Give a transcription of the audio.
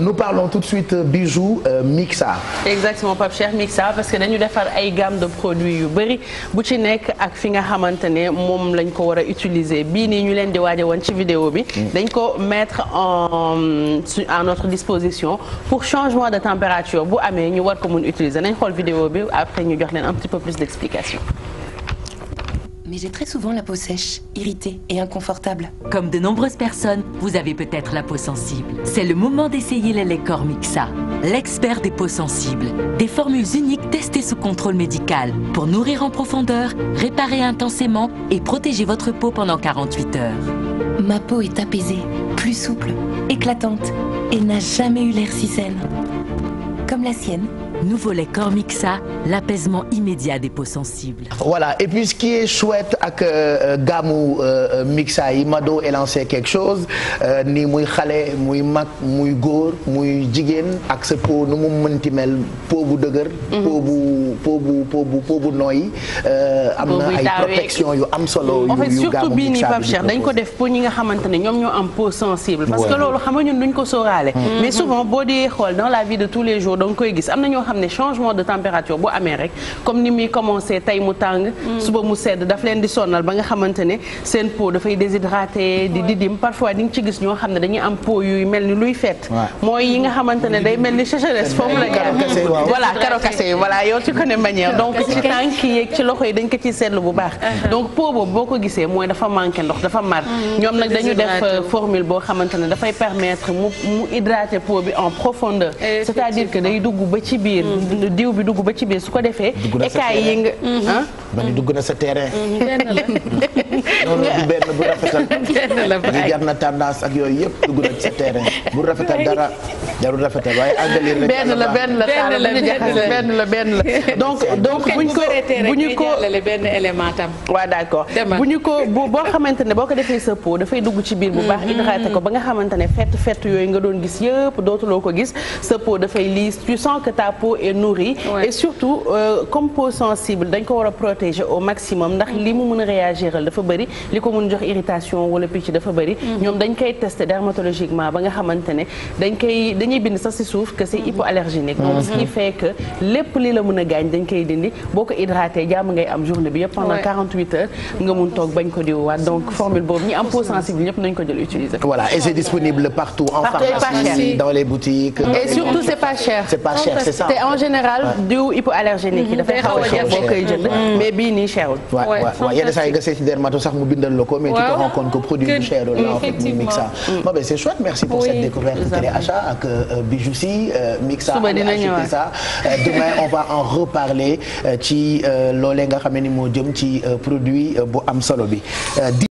nous parlons tout de suite euh, bijoux euh, Mixa. exactement Pape Cheikh Mixa parce que dañu defar ay gamme de produits yu bëri bu ci nekk ak fi nga xamante ne moom lañ ko war a utiliser bii nii ñu leen di waaje woon ci vidéo bi. Mm. dañ ko mettre en à notre disposition pour changement de température bu amee ñu war ko mun utiliser nañ xool vidéo bi après ñu jox leen un petit peu plus d'explication. mais j'ai très souvent la peau sèche, irritée et inconfortable. Comme de nombreuses personnes, vous avez peut-être la peau sensible. C'est le moment d'essayer les laits Cormixa, l'expert des peaux sensibles. Des formules uniques testées sous contrôle médical pour nourrir en profondeur, réparer intensément et protéger votre peau pendant heures. Ma peau est apaisée, plus souple, éclatante et n'a jamais eu l'air si saine. comme la sienne. Nouveau lait Cormixa, l'apaisement immédiat des peaux sensibles. Voilà, et puis ce qui est chouette ak euh, euh, gaamu euh, mixa yi Mado est lancé quelque chose ni muy xale muy mag muy góor muy jigéen ak sa peau nu mu mënti mel peau bu dëgër. Mhm. peau bu peau bu peau bu peau bu nooy. am na ay protection yu am solo. yu yu surtout bii nii dañ ko def pour ñi nga xamante ne ñoom ñoo am peau sensible. parce que loolu xam nga ñun duñ ko mhm. mais souvent boo dee dans la vie de tous les jours. donc nga koy gis am na ñoo xam ne changement de température bu amee rek comme ni muy commencé tey mu tàng. Mm. suba mu sedd dafa leen di sonnal ba nga xamante ne seen peau dafay déshydraté di didim parfois di nga ci gis ñoo xam ne dañuy am peau yuy mel ni luy fett. mooy yi nga xamante ne day mel ni sécheresse foofu la ñu. voilà karokase yi voilà yow ci connais manière donc ci tànk yeeg ci loxo yi dañ ko ciy seetlu bu baax. Uh-huh. donc peau boobu boo ko gisee mooy dafa manqué ndox dafa mar. Mm, ñoom nag dañu def euh, formule boo xamante ne dafay permettre mu mu hydrater peau bi en profondeur. day dugg ba ci biir. Mm-hmm. diw bi dugg ba ci biir su ko defee. écailles yi nga. Mm-hmm. Ah, dugg na sa terrain. Mm-hmm. du benn bu rafetal yëpp dugg na ci sa terrain bu rafetal dara benn la benn la benn la benn la bu ñu ko bu ñu ko benn élément tam waaw d'accord bu ñu ko boo xamante ne boo ko defee sa pot dafay dugg ci biir bu baax hydraté mm-hmm. ko ba nga xamante ne fett fett yooyu nga doon gis yëpp dootuloo ko gis sa dafay lisse tu sens que ta peau est nourrie et surtout euh, comme peau sensible dañ ko war a protéger au maximum ndax li mu mën a réagir dafa bëri li ko mun jox irritation wala picc dafa bëri mhm. ñoom dañ koy testé dermatologiquement ba nga xamante ne dañ koy dañuy bind sax si suuf que c'est mhm. hypoallergénique mhm. donc ce qui fait que lépp li la mën a gaañ dañ koy dindi boo ko hydraté jàmm ngay am journée bi yëpp pendant 48 heures nga mun toog bañ ko waat donc formule boobu ñi am peau sensible ñëpp nañ ko jël utiliser voilà et c'est disponible partout en pharmacie dans les boutiques et surtout c'est pas cher c'est pas cher c'est ça te en général diw hypoallergénique nga seet dermato sax mu bindal la ko mais tu te produit bu cher la en Mixa mm. bon c'est chouette merci pour cette découverte téléachat ak euh, euh, bijou si euh, Mixa sa ça demain on va en reparler ci loolee nga xam ni moo jëm ci produit bu am solo bi